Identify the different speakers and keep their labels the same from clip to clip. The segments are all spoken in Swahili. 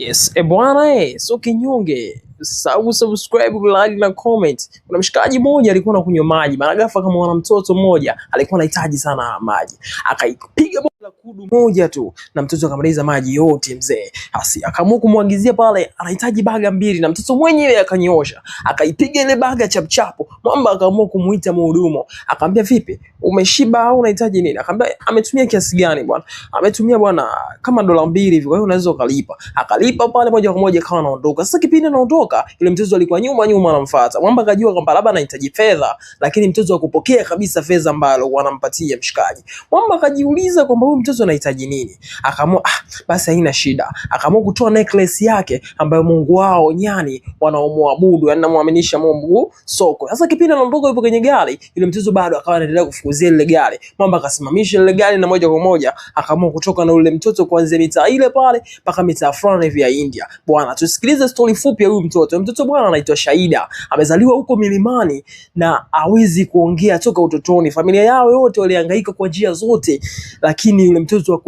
Speaker 1: Yes, e bwana eh, so kinyonge. Sabu subscribe, like na comment. Kuna mshikaji mmoja alikuwa anakunywa maji, mara ghafla kama mwana mtoto mmoja alikuwa anahitaji sana maji. Akaipiga kudu moja tu na mtoto akamaliza maji yote mzee. Basi akaamua kumwagizia pale, anahitaji baga mbili, na mtoto mwenyewe akanyosha akaipiga ile baga chapchapo. Mwamba akaamua kumuita mhudumu, akamwambia vipi, umeshiba au unahitaji nini? Akamwambia ametumia kiasi gani bwana? Ametumia bwana kama dola mbili hivi, kwa hiyo unaweza ukalipa. Akalipa pale moja kwa moja, akawa anaondoka. Sasa kipindi anaondoka, yule mtoto alikuwa nyuma nyuma anamfuata Mwamba. Akajua kwamba labda anahitaji fedha, lakini mtoto akupokea kabisa fedha ambayo wanampatia mshikaji. Mwamba akajiuliza kwamba huyu mtoto anahitaji nini? Akaamua ah, basi haina shida. Akaamua kutoa necklace yake ambayo mungu wao nyani wanaomwabudu, yani namwaminisha mungu soko. Sasa kipindi anaondoka yupo kwenye gari, yule mtoto bado akawa anaendelea kufukuzia lile gari. Mamba akasimamisha lile gari na moja kwa moja akaamua kutoka na yule mtoto kuanzia mitaa ile pale mpaka mitaa fulani hivi ya India. Bwana, tusikilize story fupi ya huyu mtoto. Mtoto bwana anaitwa Shaida. Amezaliwa huko milimani na hawezi kuongea toka utotoni. Familia yao yote walihangaika kwa njia zote lakini kuamini yule mtoto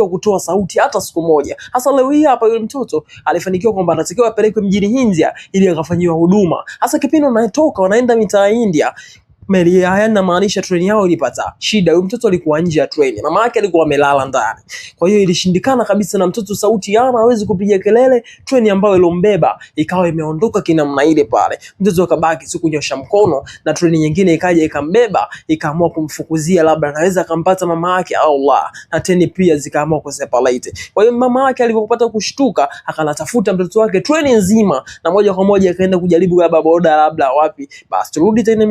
Speaker 1: wa kutoa sauti hata siku moja. Hasa leo hii hapa yule mtoto alifanikiwa kwamba anatakiwa apelekwe mjini India ili akafanyiwa huduma. Hasa kipindi wanatoka wanaenda mitaa India Meli haya namaanisha treni yao ilipata shida, huyu mtoto alikuwa nje ya treni, mama yake alikuwa amelala ndani, kwa hiyo ilishindikana kabisa, na mtoto sauti yana hawezi kupiga kelele. Treni ambayo ilombeba ikawa imeondoka kinamna ile pale, mtoto akabaki siku kunyosha mkono, na treni nyingine ikaja ikambeba, ikaamua kumfukuzia, labda anaweza akampata mama yake au la, na treni pia zikaamua kuseparate. Kwa hiyo mama yake alipopata kushtuka, akanatafuta mtoto wake treni nzima, na moja kwa moja akaenda kujaribu labda boda, labda wapi, basi turudi tena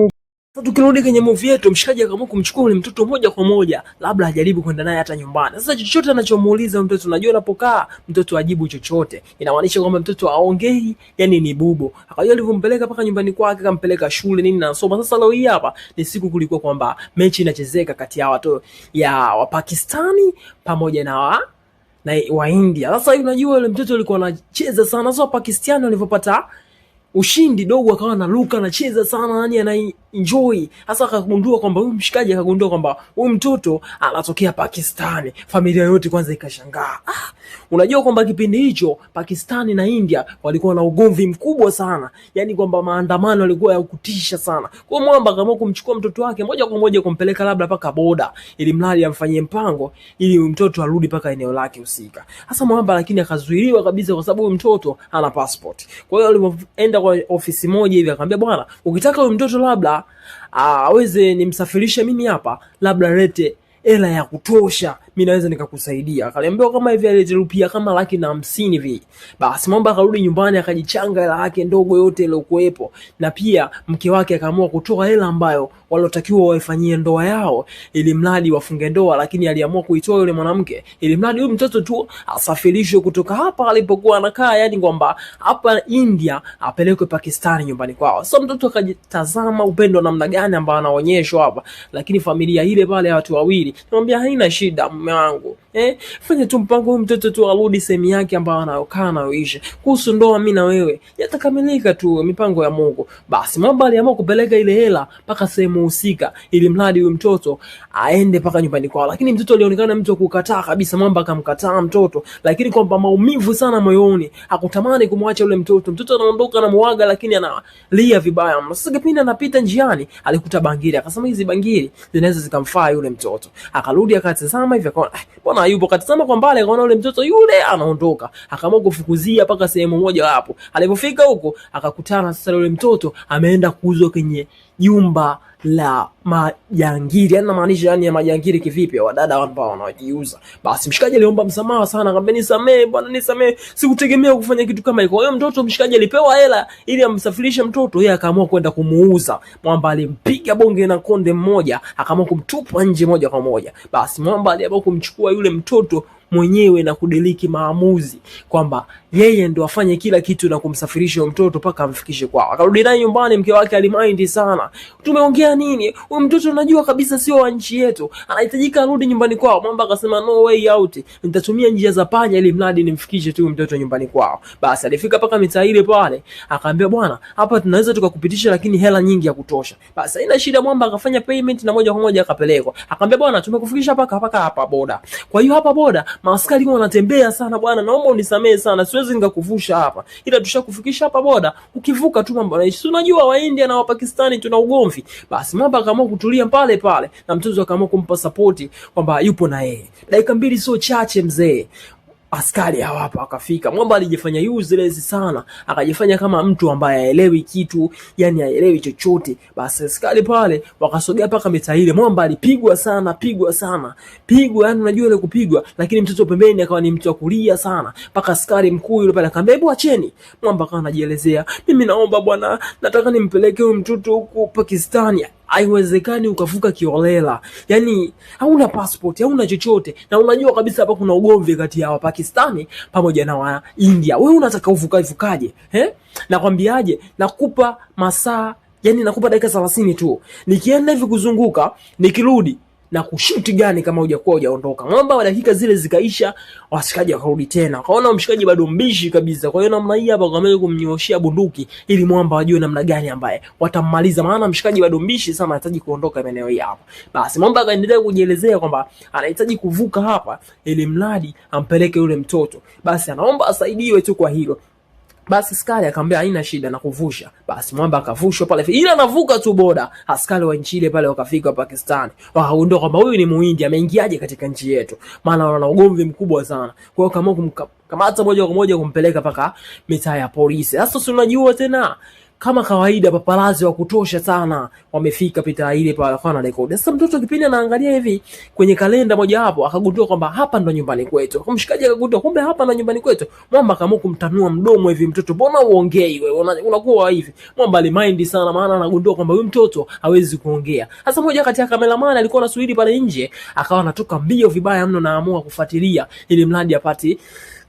Speaker 1: sasa tukirudi kwenye movie yetu, mshikaji akaamua kumchukua yule mtoto moja kwa moja, labda ajaribu kwenda naye hata nyumbani. Sasa chochote anachomuuliza mtoto, unajua anapokaa mtoto ajibu chochote, inamaanisha kwamba mtoto aongei, yani ni bubu. Akajua alivyompeleka mpaka nyumbani kwake, akampeleka shule nini na anasoma. Sasa leo hii hapa ni siku kulikuwa kwamba mechi inachezeka kati ya watu ya wa Pakistani pamoja na wa na wa India. Sasa unajua yule mtoto alikuwa anacheza sana. Sasa Pakistani walipopata ushindi dogo akawa anaruka anacheza sana, yani enjoy. Hasa akagundua kwamba huyu mshikaji akagundua kwamba huyu mtoto anatokea Pakistani, familia yote kwanza ikashangaa. Ah, unajua kwamba kipindi hicho Pakistani na India walikuwa na ugomvi mkubwa sana, yani kwamba maandamano yalikuwa ya kutisha sana. Kwa hiyo Mwamba akaamua kumchukua mtoto wake moja kwa moja kumpeleka labda paka boda, ili mradi amfanyie mpango ili mtoto arudi paka eneo lake husika. Hasa Mwamba lakini akazuiliwa kabisa, kwa sababu huyu mtoto ana passport. Kwa hiyo alipoenda kwa ofisi moja hivi akamwambia, bwana, ukitaka huyu mtoto labda Ah, aweze nimsafirishe mimi hapa, labda lete hela ya kutosha mimi naweza nikakusaidia. Akaniambia kama hivi alilipia kama laki na hamsini hivi. Basi Mwamba akarudi nyumbani akajichanga hela yake ndogo yote iliyokuwepo, na pia mke wake akaamua kutoa hela ambayo walotakiwa waifanyie ndoa yao, ili mradi wafunge ndoa, lakini aliamua kuitoa yule mwanamke, ili mradi huyu mtoto tu asafirishwe kutoka hapa alipokuwa anakaa, yani kwamba hapa India apelekwe Pakistani nyumbani kwao. So mtoto akajitazama upendo namna gani ambao anaonyeshwa hapa, lakini familia ile pale ya watu wawili namwambia haina shida mume wangu eh? Fanya tu mpango, huyu mtoto tu arudi sehemu yake ambayo anayokaa anayoishi. Kuhusu ndoa, mimi na wewe yatakamilika tu, mipango ya Mungu. Basi Moba aliamua kupeleka ile hela mpaka sehemu husika, ili mradi huyu mtoto aende mpaka nyumbani kwao, lakini mtoto alionekana mtu kukataa kabisa. Mwamba akamkataa mtoto, lakini kwamba maumivu sana moyoni, hakutamani kumwacha yule mtoto. Mtoto anaondoka na anamuaga, lakini analia vibaya Sasa kipindi anapita njiani, alikuta bangili, akasema hizi bangili zinaweza zikamfaa yule mtoto. Akarudi akatazama hivyo akaona yupo Ayubu akatazama kwa mbali, akaona yule mtoto yule anaondoka, akaamua kufukuzia mpaka sehemu moja hapo. Alipofika huko akakutana sasa yule mtoto ameenda kuuzwa kwenye jumba la majangili yani, namaanisha yani ya majangili kivipi? Wadada ambao wanajiuza. Basi mshikaji aliomba msamaha sana, akamwambia nisamee bwana, nisamee, sikutegemea kufanya kitu kama hiko. Huyo mtoto mshikaji alipewa hela ili amsafirishe mtoto, yeye akaamua kwenda kumuuza. Mwamba alimpiga bonge na konde mmoja, akaamua kumtupa nje moja kwa moja. Basi Mwamba aliamua kumchukua yule mtoto mwenyewe na kudiriki maamuzi kwamba yeye ndo afanye kila kitu na kumsafirisha mtoto mpaka amfikishe kwao. Akarudi naye nyumbani, mke wake alimaindi sana, tumeongea nini? Huyu mtoto najua kabisa sio wa nchi yetu, anahitajika arudi nyumbani kwao. Mamba akasema no way out, nitatumia njia za panya ili mradi nimfikishe tu mtoto nyumbani kwao. Basi alifika mpaka mitaa ile pale, akaambia bwana, hapa tunaweza tukakupitisha, lakini hela nyingi ya kutosha. Basi haina shida, Mwamba akafanya payment na moja kwa moja akapelekwa. Akaambia bwana, tumekufikisha hapa hapa hapa boda. Kwa hiyo hapa boda maaskari wanatembea sana bwana, naomba unisamehe sana Swe siwezi nikakuvusha hapa, ila tushakufikisha hapa boda, ukivuka tu mambo naishi. unajua wa India na wa Pakistani tuna ugomvi. Basi mamba akaamua kutulia pale pale, na mtunzi akaamua kumpa support kwamba yupo na yeye. Dakika mbili sio chache mzee askari hawapo, akafika Mwamba alijifanya useless sana, akajifanya kama mtu ambaye haelewi kitu, yani haelewi chochote. Basi askari pale wakasogea paka mita ile. Mwamba alipigwa sana, pigwa sana, pigwa, yani unajua ile kupigwa, lakini mtoto pembeni akawa ni mtu wa kulia sana, paka askari mkuu yule pale akamwambia, hebu acheni. Mwamba akawa anajielezea, mimi naomba bwana, nataka nimpeleke huyu mtoto huko Pakistani haiwezekani ukavuka kiolela, yani hauna passport, hauna chochote, na unajua kabisa hapa kuna ugomvi kati ya Wapakistani pamoja na waindia Wewe unataka uvuka uvukaje eh? Nakwambiaje, nakupa masaa yani, nakupa dakika 30 tu, nikienda hivi kuzunguka nikirudi na kushuti gani kama hujakuwa hujaondoka. Mwamba wa dakika zile zikaisha, washikaji wakarudi tena. Kaona mshikaji bado mbishi kabisa. Kwa hiyo namna hii hapa kwa kumnyooshia bunduki ili Mwamba wajue namna gani ambaye watammaliza, maana mshikaji bado mbishi sana anahitaji kuondoka eneo hili hapa. Basi Mwamba akaendelea kujielezea kwamba anahitaji kuvuka hapa ili mradi ampeleke yule mtoto. Basi anaomba asaidiwe tu kwa hilo. Basi askari akamwambia haina shida na kuvusha. Basi mwamba akavushwa pale, ila anavuka tu boda. Askari wa nchi ile pale wakafika Pakistan, wakaundua kwamba huyu ni Muhindi, ameingiaje katika nchi yetu? Maana wana ugomvi mkubwa sana. Kwa hiyo kama kumkamata moja kwa moja kumpeleka paka mitaa ya polisi. Sasa si unajua tena kama kawaida paparazi wa kutosha sana wamefika pita ile pa Final Record. Sasa mtoto kipindi anaangalia hivi kwenye kalenda moja hapo, akagundua kwamba hapa ndo nyumbani kwetu. Mshikaji akagundua kumbe hapa ndo nyumbani kwetu. Mwamba akaamua kumtanua mdomo hivi, mtoto, mbona uongei wewe, unakuwa hivi? Mwamba alimind sana, maana anagundua kwamba huyu mtoto hawezi kuongea. Sasa moja kati ya kameramani alikuwa anasubiri pale nje, akawa anatoka mbio vibaya mno, naamua kufuatilia ili mradi apate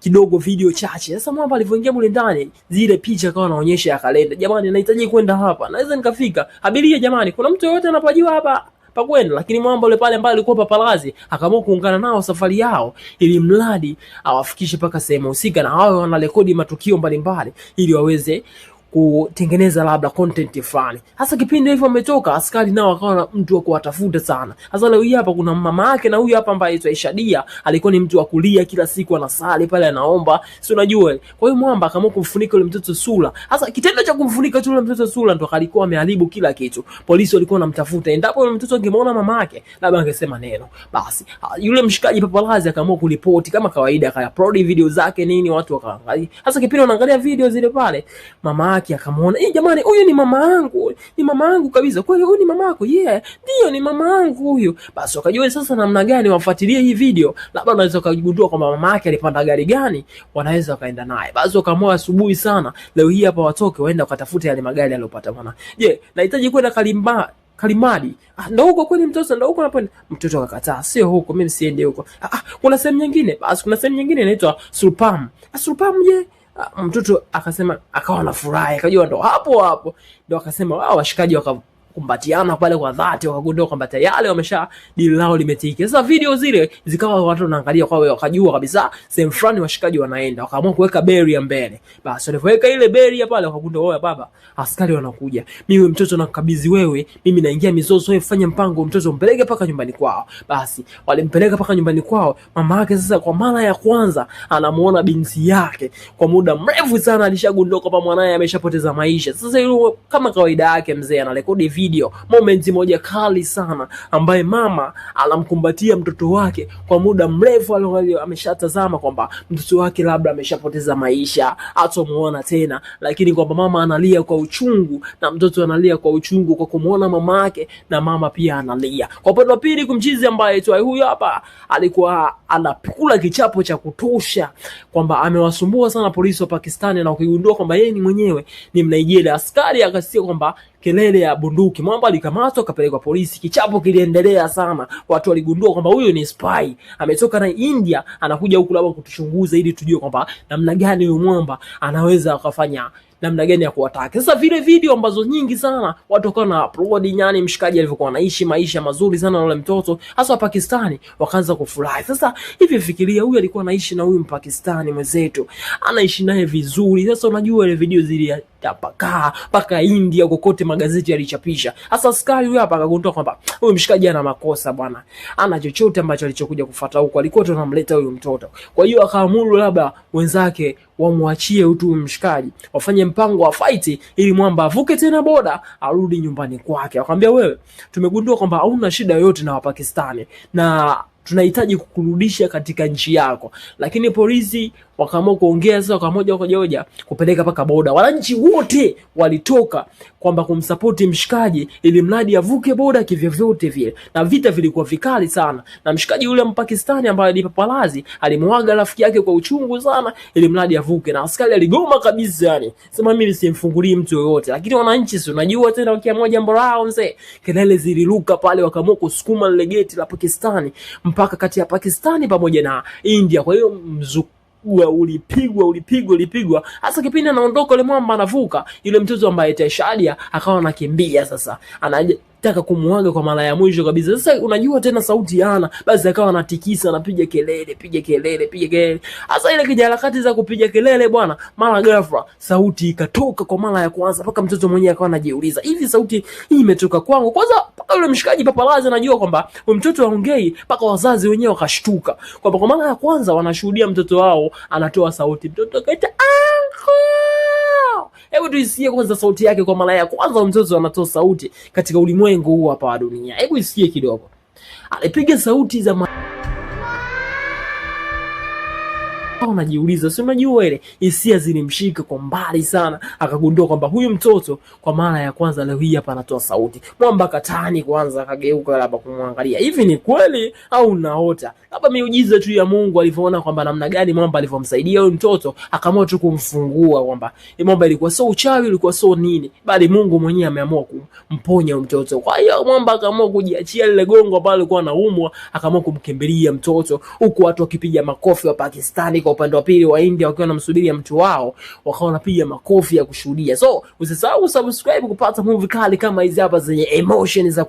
Speaker 1: kidogo video chache. Sasa mwamba alivyoingia mule ndani, zile picha kawa anaonyesha ya kalenda, jamani, nahitaji kwenda hapa, naweza nikafika. Abiria jamani, kuna mtu yoyote anapajua hapa pa kwenda, lakini mwamba yule pale ambaye alikuwa paparazi akaamua kuungana nao safari yao, ili mradi awafikishe mpaka sehemu husika, na wao wanarekodi matukio mbalimbali ili waweze kutengeneza labda content fulani. Hasa kipindi hivyo ametoka askari nao akawa na mtu wa kuwatafuta sana. Hasa leo hii hapa kuna mama yake na huyu hapa ambaye aitwa Ishadia, alikuwa ni mtu wa kulia kila siku, anasali pale, anaomba, si unajua. Kwa hiyo mwamba akaamua kumfunika yule mtoto sura. Hasa kitendo cha kumfunika tu yule mtoto sura ndo alikuwa ameharibu kila kitu. Polisi walikuwa wanamtafuta, endapo yule mtoto angemwona mama yake labda angesema neno. Basi yule mshikaji papalazi akaamua kuripoti kama kawaida, akaya akaupload video zake nini, watu wakaangalia. Hasa kipindi wanaangalia video zile pale mama babake akamwona, eh, jamani, huyu ni mama yangu, ni mama yangu kabisa. Kweli huyu ni mama yako? Yeah, ndio ni mama yangu huyu. Basi wakajua sasa namna gani wafuatilie hii video, labda wanaweza kugundua kwamba mama yake alipanda gari gani, wanaweza wakaenda naye. Basi wakaamua asubuhi sana leo hii hapa watoke waenda wakatafute yale magari aliyopata bwana. Je, yeah, nahitaji kwenda Kalimba Kalimadi. Ah, ndo huko kweli mtoto, ndo huko anapoenda. Mtoto akakataa, sio huko, mimi siende huko. Ah, ah, kuna sehemu nyingine. Basi kuna sehemu nyingine inaitwa Sulpam. Ah, Sulpam je? Ah, mtoto akasema, akawa na furaha, akajua ndo hapo hapo ndo akasema wao, washikaji waka kumbatiana pale kwa dhati, wakagundua kwamba tayari wamesha dili lao limetiki. Sasa video zile zikawa watu wanaangalia kwa wewe, wakajua kabisa sehemu fulani washikaji wanaenda, wakaamua kuweka barrier mbele. Basi walipoweka ile barrier pale, wakagundua wao, baba askari wanakuja, mimi mtoto nakabidhi wewe, mimi naingia mizozo, wewe fanya mpango, mtoto mpeleke paka nyumbani kwao. Basi walimpeleka paka nyumbani kwao. Mama yake sasa kwa mara ya kwanza anamuona binti yake kwa muda mrefu sana, alishagundua kwamba mwanaye ameshapoteza maisha. Sasa hilo kama kawaida yake, mzee anarekodi video moments moja kali sana, ambaye mama anamkumbatia mtoto wake kwa muda mrefu alio ameshatazama kwamba mtoto wake labda ameshapoteza maisha, hatomuona tena, lakini kwamba mama analia kwa uchungu na mtoto analia kwa uchungu kwa kumuona mama yake, na mama pia analia. Kwa upande wa pili, kumchizi ambaye tu huyu hapa alikuwa anakula kichapo cha kutosha kwamba amewasumbua sana polisi wa Pakistani, na ukigundua kwamba yeye ni mwenyewe ni Mnaijeria. Askari akasikia kwamba kelele ya bunduki. Mwamba alikamatwa kapelekwa polisi. Kichapo kiliendelea sana, watu waligundua kwamba huyu ni spy ametoka na India, anakuja huku labda kutuchunguza, ili tujue kwamba namna gani huyu Mwamba anaweza akafanya namna gani ya kuwataka. Sasa vile video ambazo nyingi sana watu wakawa na upload, nyani mshikaji alivyokuwa anaishi maisha mazuri sana na yule mtoto hasa wa Pakistani, wakaanza kufurahi. Sasa hivi fikiria, huyu alikuwa anaishi na huyu Mpakistani mwenzetu, anaishi naye vizuri. Sasa unajua ile video zile tapakaa mpaka India kokote magazeti yalichapisha. Hasa askari huyo hapa akagundua kwamba huyu mshikaji ana makosa bwana, ana chochote ambacho alichokuja kufuata huko, alikuwa tunamleta huyu mtoto. Kwa hiyo akaamuru labda wenzake wamwachie utu mshikaji, wafanye mpango wa fight ili mwamba avuke tena boda arudi nyumbani kwake. Akamwambia, wewe, tumegundua kwamba hauna shida yoyote na Wapakistani na tunahitaji kukurudisha katika nchi yako. Lakini polisi wakaamua kuongea sasa, kwa moja kwa moja kupeleka paka boda. Wananchi wote walitoka kwamba kumsapoti mshikaji ili mradi avuke boda kivyovyote vile, na vita vilikuwa vikali sana. Na mshikaji yule Mpakistani ambaye alipapalazi alimwaga rafiki yake kwa uchungu sana, ili mradi avuke, na askari aligoma kabisa, yani sema mimi simfungulii mtu yoyote. Lakini wananchi, si unajua tena, wakiamua jambo lao mzee, kelele ziliruka pale, wakaamua kusukuma lile geti la Pakistani mpaka kati ya Pakistani pamoja na India. Kwa hiyo mzuku ulipigwa ulipigwa ulipigwa, hasa kipindi anaondoka yule mwamba anavuka, yule mtoto ambaye Teshadia akawa anakimbia sasa anaje alitaka kumwaga kwa mara ya mwisho kabisa. Sasa unajua tena sauti yana basi, akawa anatikisa anapiga kelele, piga kelele, piga kelele. Sasa ile kijarakati za kupiga kelele bwana, mara ghafla sauti ikatoka kwa mara ya kwanza, mpaka mtoto mwenyewe akawa anajiuliza hivi sauti hii imetoka kwangu? Kwanza mpaka yule mshikaji papalazi anajua kwamba mtoto haongei, mpaka wazazi wenyewe wakashtuka kwamba kwa mara ya kwanza wanashuhudia mtoto wao anatoa sauti. Mtoto akaita anko wao. Hebu tuisikie kwanza sauti yake, kwa mara ya kwanza mzozo anatoa sauti katika ulimwengu huu hapa wa dunia. Hebu isikie kidogo, alipiga sauti za hapa unajiuliza, si unajua ile hisia zilimshika kwa mbali sana, akagundua kwamba huyu mtoto kwa mara ya kwanza leo hii hapa anatoa sauti. Mwamba katani kwanza akageuka, labda kumwangalia hivi ni kweli au naota, labda miujiza tu ya Mungu alivyoona kwamba namna gani Mwamba alivyomsaidia huyu mtoto, akaamua tu kumfungua kwamba eh, Mwamba ilikuwa sio uchawi, ilikuwa sio nini, bali Mungu mwenyewe ameamua kumponya huyu mtoto. Kwa hiyo Mwamba akaamua kujiachia lile gongo ambalo alikuwa anaumwa, akaamua kumkimbilia mtoto, huku watu wakipiga makofi wa Pakistani kwa upande wa pili wa india wakiwa wanamsubiri ya mtu wao, wakawa wanapiga makofi ya kushuhudia. So usisahau kusubscribe kupata movie kali kama hizi hapa zenye emotion za